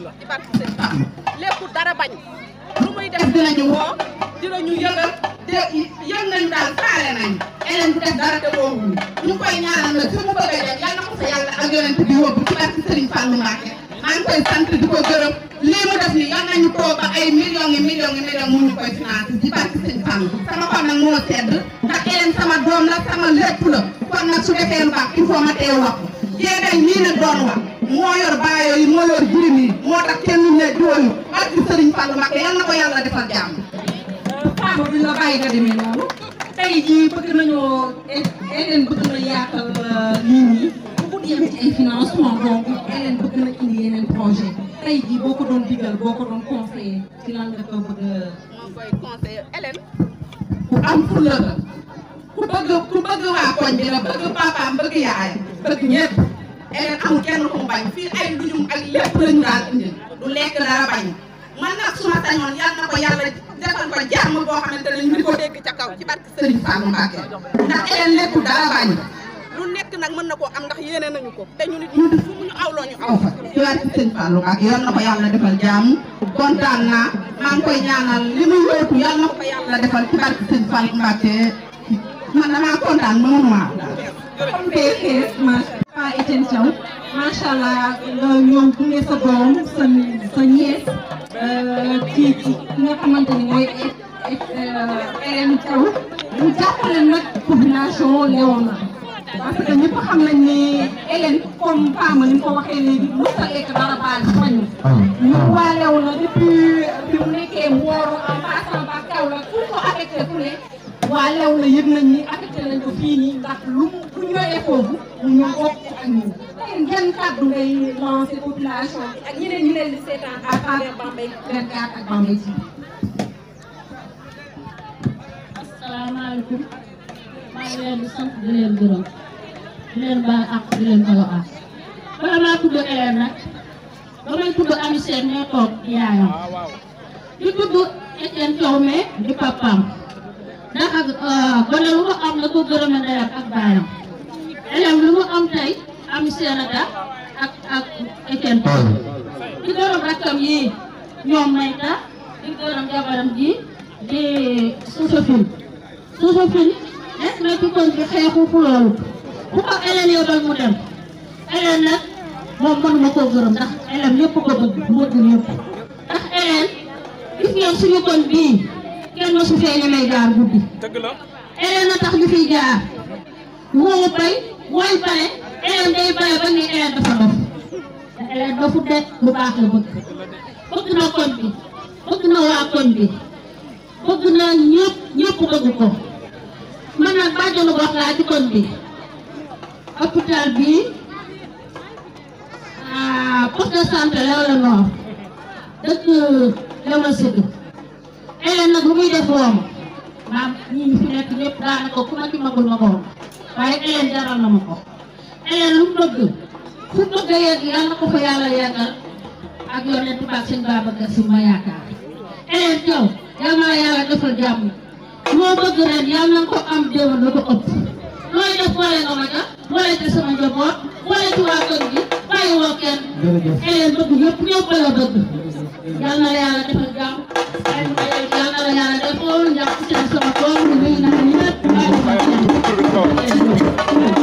lépp dara bañ def dinañu woo yëgal te yëg nañu daal faale nañu eleen bu def dara te woowuñu ñu koy ñaanal nag fi mu bëgg a jot yal ko ba ay millions yi millions yi millions mënuñu koy financé ci barke sëñ Fallou sama xol nag moo sedd ndax eleen sama doom la sama lépp la kon nag su defee lu baax wax ko jéegal nii nag doon wax moo yor baayo yi moo yor jirim kenn ne jooyu barki sëriñ Fall Mbacké yal na ko defal jàmm faama duñ la bàyyi nga demee noonu tey jii bëgg nañoo eneen bëgg na yaatal euh, nit ñi bu yem ci ay financement donc eneen bëgg na indi yeneen projet tey jii boo ko digal boo ko doon ci lan nga ko bëgg ku am la ku bëgg ku bëgg koñ bi la bëgg bëgg bëgg eneen amul kenn ku mu bañ fii ay ndujum ak lépp la ñu daan indil lekk dara bañ man nag suma sañoon yal na ko yàlla defal ko jàmm boo xamante ne ñu di ko dégg ca kaw ci barke Sëriñ Fallou Mbacké ndax eneen lekkul dara bañ lu nekk nag mën na koo am ndax yéene nañu ñu nit ñu fu ñu awloo ñu aw fa ci barke Sëriñ Fallou Mbacké yal na ko yàlla defal jàmm kontaan naa maa koy ñaanal li muy wóotu yal na ko yàlla defal ci barke Sëriñ Fallou Mbacké man damaa kontaan ba mënuma Adja Etienne Thiaw macha allah nga ñëw gunge sa doom sa ñees ci ci nga xamante ni mooy Etienne euh, Thiaw mu nag population Léona parce que ñëpp xam nañ ni Hélène comme femme ni mu ko waxee léegi mos a lekk dara baal fañ ñu waa Léona depuis bi mu nekkee Mboro en passant par Kaolack pour ko affecté ku ne waa Léona yëg nañ ni affecté nañ ko fii nii ndax lu mu bu ñëwee ñu bokk ak ñun. yéen yan ñu leen di seetaan à maa ngi leen nag ba may tudd Ami Sène ñoo toog yaayam di tudd Etienne Thiaw mais di papaam ndax ak lu ko am la ko gërëme ndeyam ak baayam. ayam lu mu am tey am Sénégal ak ak Eken Toll di gërëm rakkam yi ñoom Mayta di gërëm jabaram ji di Sosofil Sosofil nekk na ci koñ bi xeexu fu loolu bu ko Elen yow doon mu dem Elen nag moom mënuma koo gërëm ndax Elen lépp ko bëgg bëgg yëpp ndax Elen gis tax ñu fiy jaar moo bay mooy pare élève day pare ba ñu élève dafa dof te élève lu baax la bëgg bëgg na koñ bi bëgg na waa koñ bi bëgg na ñëpp ñëpp bëgg ko man nag bàjjenu gox laa ci bi hôpital bi ah poste de santé Léona Nord dëkk Léona Sud élève nag lu muy def woom maam ñi fi nekk ñëpp daanaka ku ma ci magul ma ko waaye ayeen jaral na ma ko ayeen lu mu bëgg fu bëgg a yegg yal na ko fa yàlla yeggal ak yonent ba ak sëñ Babacar Si ma yaakaar ayeen caw yal naa yàlla defal jàmm moo bëgg ren yal na ko am déwén lu ko ëpp looy def boole nga ma ja boole ci sama njaboot boole ci waa kër gi ay man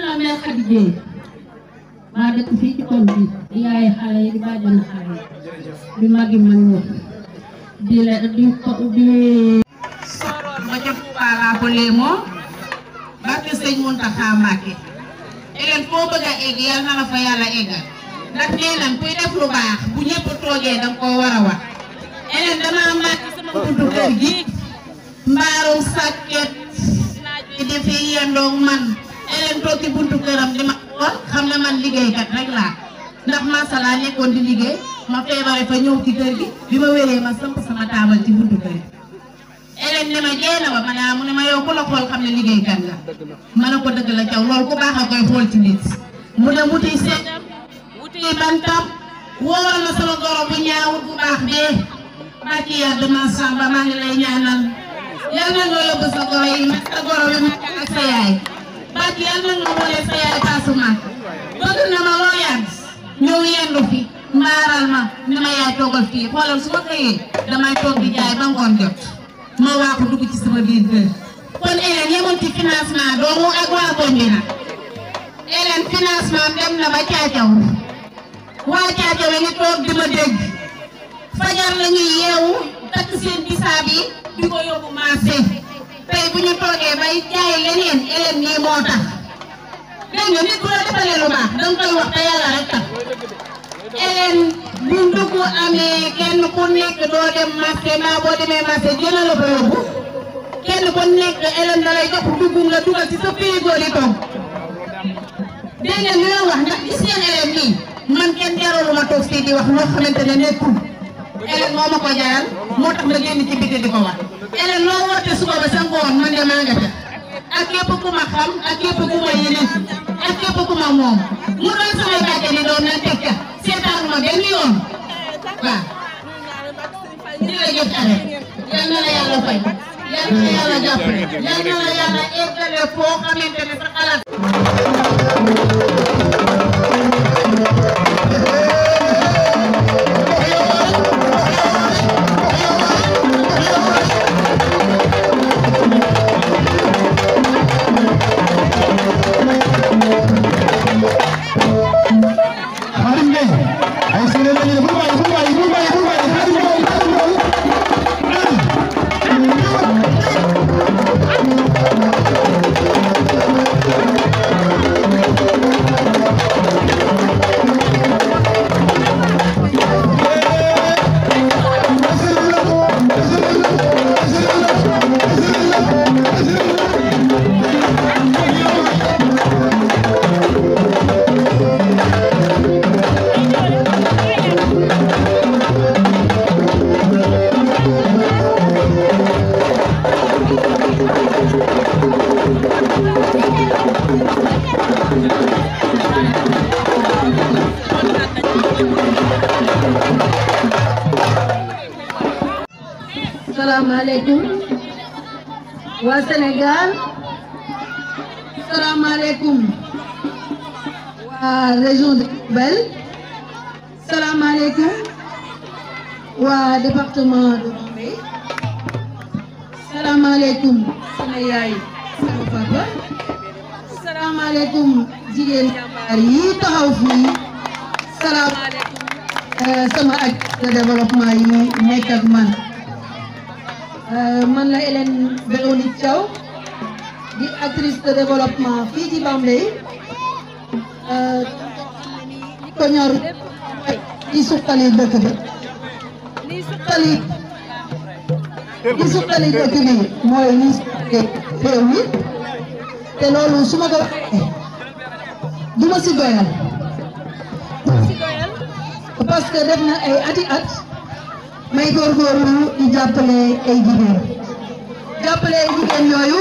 la mère Khady Dieye maa dëkk fii ci koñ bi di yaay xale yi di bàjjan xale yi di màggi mag ñi di la di di ma jëf paala ko léemoo barke sëñ Muntaxa Mbàkke eleen foo bëgg a egg yal na la fa yàlla eggal ndax nee nañ kuy def lu baax bu ñëpp toogee danga koo war a wax eleen dama màcc sama buntu kër gi mbaarum sàkket di defi yendoog man eleen toog ci buntu këram di ma woon xam ne man liggéeykat rek laa ndax masala nekkoon di liggéey ma feebare fa ñëw ci kër gi bi ma ma samp sama taabal ci buntu kër gi dem ne ma jee na ma maanaam mu ne ma yow ku xool xam ne liggéeykat la ma ne ko dëgg la caw loolu ku baax a koy xool ci nit mu dem wuti set wuti bantam maa ngi lay ñaanal yal na nga yóbbu sa goro yi mag sa goro bi mag ak sa yaay barki yal na nga boole sa yaay su ma xëyee damay toog di jaay ba ngoon jot ma waa ko dugg ci sama biir kër kon Hélène yemul ci financement doomu ak waa koñ bi nag Hélène financement dem na ba caacaw waa caacaw yi ngi toog di dégg fajar la yeewu takk seen bisaab yi di ko yóbbu marché tey bu ñu toogee bay jaay leneen Hélène nii moo tax dégg nit bu la defalee lu baax danga koy wax te yàlla rek tax Hélène ɗum ko ame kenn ku nekk doo dem marché naa boo demee marché jëlal la fa kenn ku nekk elam da lay jox nga dugal ci sa frigo di toog dégg ngeen wax ndax gis ngeen elam nii man kenn jarolu ma toog di wax loo xamante ne nekkul elam moo ma ko jaral ci biti di wax suba ba man nga ak ku ma xam ak ku ma ak ku ma mu na seetaanuma benn la jot la yàlla fay yal la yàlla la yàlla eggale salaamaaleykum waa Sénégal salaamaaleykum waa région de Diourbel salaamaaleykum waa département de Mbacké salaamaaleykum sama yaay sama papa salaamaaleykum jigéen jàmbaar yi taxaw fii salaamaaleykum Eh, sama ak développement yi nekk ak man man la Hélène Véronique Thiaw di actrice de développement fii ci Bambey eh, ko ñor di dëkk bi di dëkk bi ko doyal parce que def na ay ati at may góorgóorlu di jàppale ay jigéen jàppale ay jigéen yooyu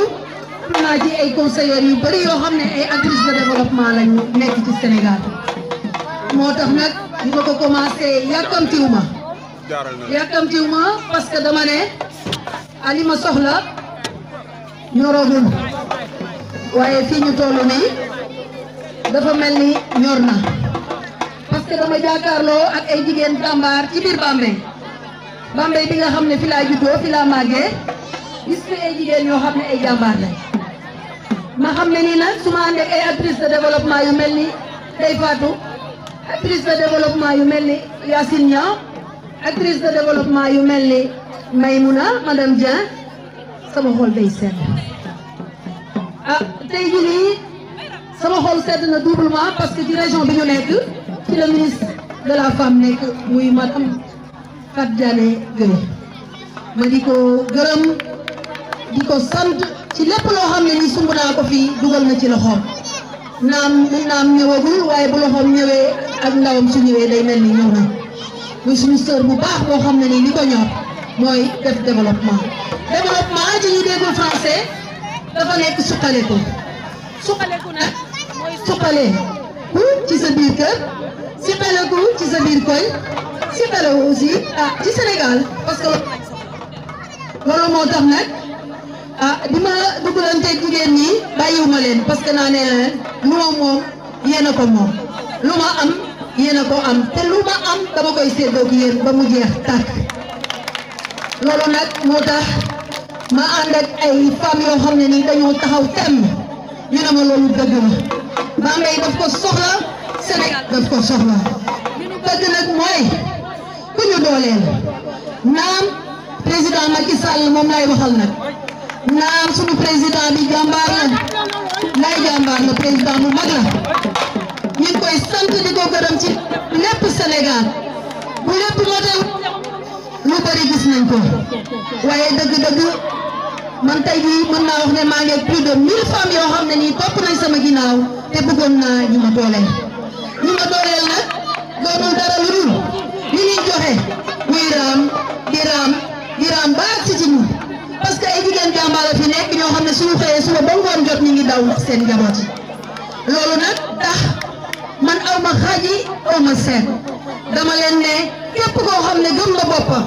naa ci ay conseillers yu bëri yoo xam ne ay actrices de développement lañ nekk ci Sénégal moo tax nag ñu ko commencé yàkkamtiw ma parce que dama ne ali ma soxla ñoragul waaye fii ñu toll nii dafa mel ni ñor na. que dama jàkkaarloo ak ay jigéen jàmbaar ci biir Bambey bi nga xam ne fi laa juddoo fi laa màggee gis fi ay jigéen yoo xam ne ay jàmbaar ma xam ne nii nag su ma ànd ay actrice de développement yu mel ni Ndeye Fatou actrice de développement yu mel ni Yacine Niang actrice de développement yu mel ni may Maymouna madame Dieng sama xol day sedd ah tey jii nii sama xol sedd na doublement parce que ci région bi ñu nekk. ci la ministre de la femme nekk muy madame Fatou Diané Gueye ma di ko gërëm di ko sant ci lépp loo xam ne ni sumb naa ko fii dugal na ci loxoom naam naam ñëwagul waaye bu loxoom ñëwee ak ndawam su ñëwee day mel ni ñëw na muy suñu sœur bu baax boo xam ne nii li ko ñor mooy def développement développement ci ñu déggul français dafa nekk suqaleku suqaleku nag mooy suqale ku ci sa biir kër sippale ku ci sa biir koñ sippale wu aussi ah ci Sénégal parce que loolu moo tax nag ah di ma duggalanteeg jigéen ñi bàyyiwuma leen parce que naa ne leen moom yéen a ko moom lu ma am yéen a ko am te lu ma am dama koy séddoo ak yéen ba mu jeex tàkk loolu nag moo tax ma ànd ak ay femmes yoo xam ne nii dañoo taxaw temm. ñu ne ma loolu dëgg la Bambey daf ko soxla Sénégal daf ko soxla dëgg nag mooy ku ñu naam président Macky Sall moom lay waxal nag naam sunu président bi jàmbaar la lay mag la ñu koy sant di ko gërëm ci lépp Sénégal bu lépp moo tax lu bari gis nañ ko waaye man tey mën naa wax ne maa ngi plus de 1000 femmes yoo xam ne nii topp nañ sama ginnaaw te bëggoon naa ñu ma dooleel ñu ma dooleel nag doonul dara lu dul li joxe muy raam di raam di raam ba ak si ci ñun parce que ay jigéen jàmbaar la fi nekk ñoo xam ne suñu xëyee suba ba ngoon jot ñu ngi daw seen njaboot yi loolu nag tax man aw ma xaaji aw seet dama leen ne képp koo xam ne gëm nga boppam.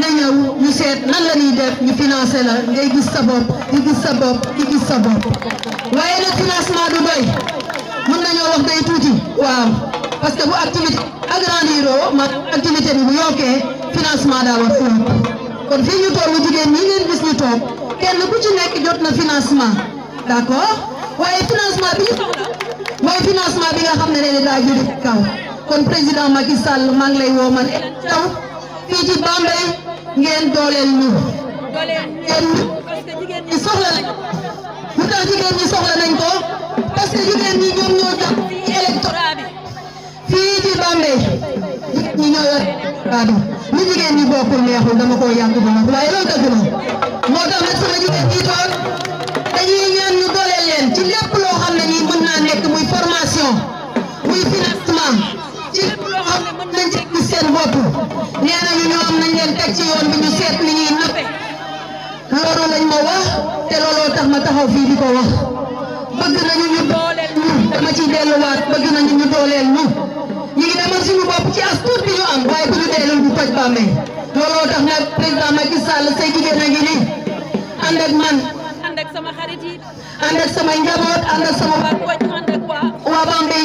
na ñëw ñu seet nan la ñuy def ñu financé la ngay gis sa bopp di gis sa bopp di gis sa bopp waaye nag financement du doy mun nañoo wax day tuuti waaw parce que bu activité agrandiro ma activité bi bu yokkee financement daa war foofu kon fii ñu toll jigéen ñi ngeen gis ñu toog kenn ku ci nekk jot na financement d'accord waaye financement bi mooy financement bi nga xam ne dañu daa jóge kaw kon président Macky Sall maa ngi lay woo man taw fii ci Bambey ngeen dooleel ñu. jigéen ñi soxla nañ lu tax jigéen ñi soxla nañ ko parce que jigéen ñi ñoom ñoo bokkul neexul dama koo yàgg ba noppi waaye loolu dëgg na moo tax nag sama jigéen ñi toog dooleel leen ci lépp loo xam ne nii nekk muy formation muy financement ci lépp loo xam ne mën nañ ci seen bopp nee nañu ñoom nañ leen teg ci yoon bi ñu seet li ñuy nappe loolu lañ ma wax te looloo tax ma taxaw fii di wax bëgg nañu ñu dooleel ñu dama ciy delluwaat bëgg nañu ñu dooleel ñu ngi demal suñu ci bi ñu am ñu toj tax président Macky Sall say ak man ànd ak sama xarit yi ak sama njaboot ànd ak sama waa Bambey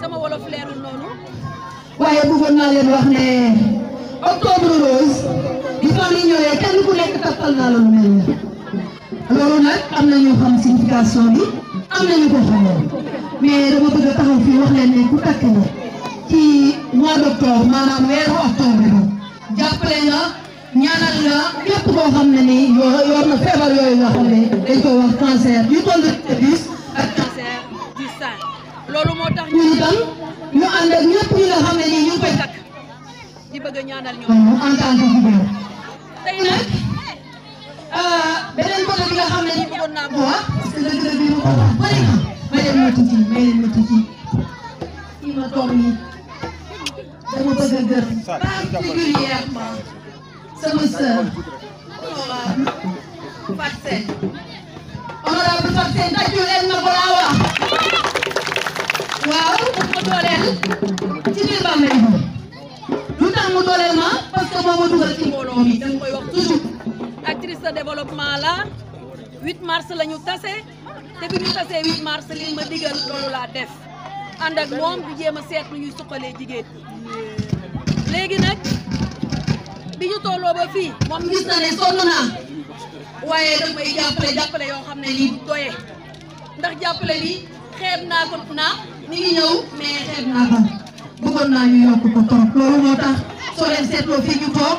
sama wolof leerul noonu. waaye bëggoon naa leen wax ne octobre rose bi fan yi ñëwee kenn ku nekk takkal naa la mel nii loolu nag am na ñu xam signification bi am na ñu ko xamoon mais dama bëgg a taxaw fii wax leen takk na ci mois d' maanaam weeru octobre bi jàppale na ñaanal na képp koo xam ne nii yoo yor na feebar yooyu nga xam ne dañ ko wax cancer du col de l'utérus ak cancer du sein. loolu moo tax ñun tam ñu ànd ak ñëpp ñi nga xam ne nii ñu ngi koy takk di bëgg a ñaanal ñoom en tant que jigéen tey nag euh, beneen côté bi nga xam ne nii bëggoon naa ko wax parce que dëgg-dëgg yi ma ko wax bëri na ma leen ma tuuti ma leen ma tuuti kii ma toog nii dama bëgg a gërëm particulièrement sama sœur mbooloo mi danga koy wax toujours actrice de développement la 8 li ma digal laa def ànd ak jéem a seet lu ñuy suqalee jigéen léegi nag bi ñu tolloo ba fii moom gis na ne sonn naa waaye daf jàppale jàppale yoo xam ne nii doye ndax jàppale bi xeeb naa ko naa mi ngi ñëw mais xeeb naa ko bëggoon naa ñu yokk ko trop loolu moo tax soo leen seetloo ñu toog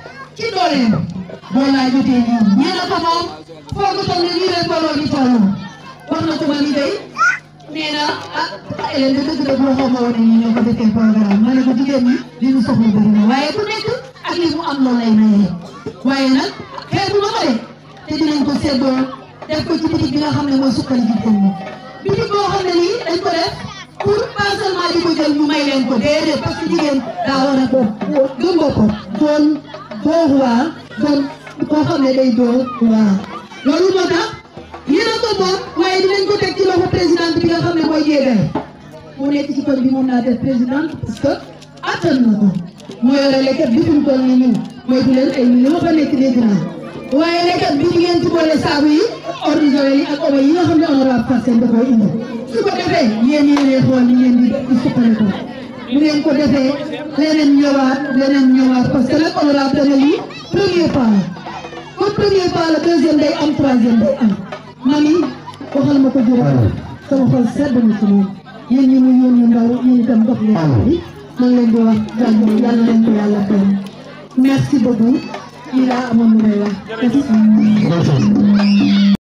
Boleh, wala ñu té ñu ñina ko mom fogu tan ni leen ko lolu tollu wax na ko ma mi day néna ah leen de deug de bo xoma won ni ñoko dété programme mané ko jigéen ñi li ñu soxlu bari na waye ku nekk ak li mu am lo lay mayé waye nak xébu ma ko dé té pas di ko jël ñu may leen boo waa doon koo xam ne day doo waa loolu moo tax yéen a ko moom waaye dinañ ko teg ci bi nga xam ne mooy Diegane mu nekk ci koñ bi moom naa def présidente parce que attan na ko moo yore lekkat bi fi mu toll nii ñun mooy du leen ay million ba nekk dégg naa waaye lekkat bi ngeen ci boole saabu yi yi ak omo yi nga xam ne honorable Fatou Seye da koy indi su ko defee yéen yéenee xool ni ngeen di suqale ko bu ngeen ko defee leneen ñëwaat leneen ñëwaat parce que nag honorable yi premier pas la kon premier pas la deuxième day am waxal ma ko jërëjëf sama xol sedd na ci moom yéen ñi mu yónni ndaw yéen itam dox leen wax jàmm yàlla leen ko yàlla fay merci beaucoup lii laa amoon lu may wax merci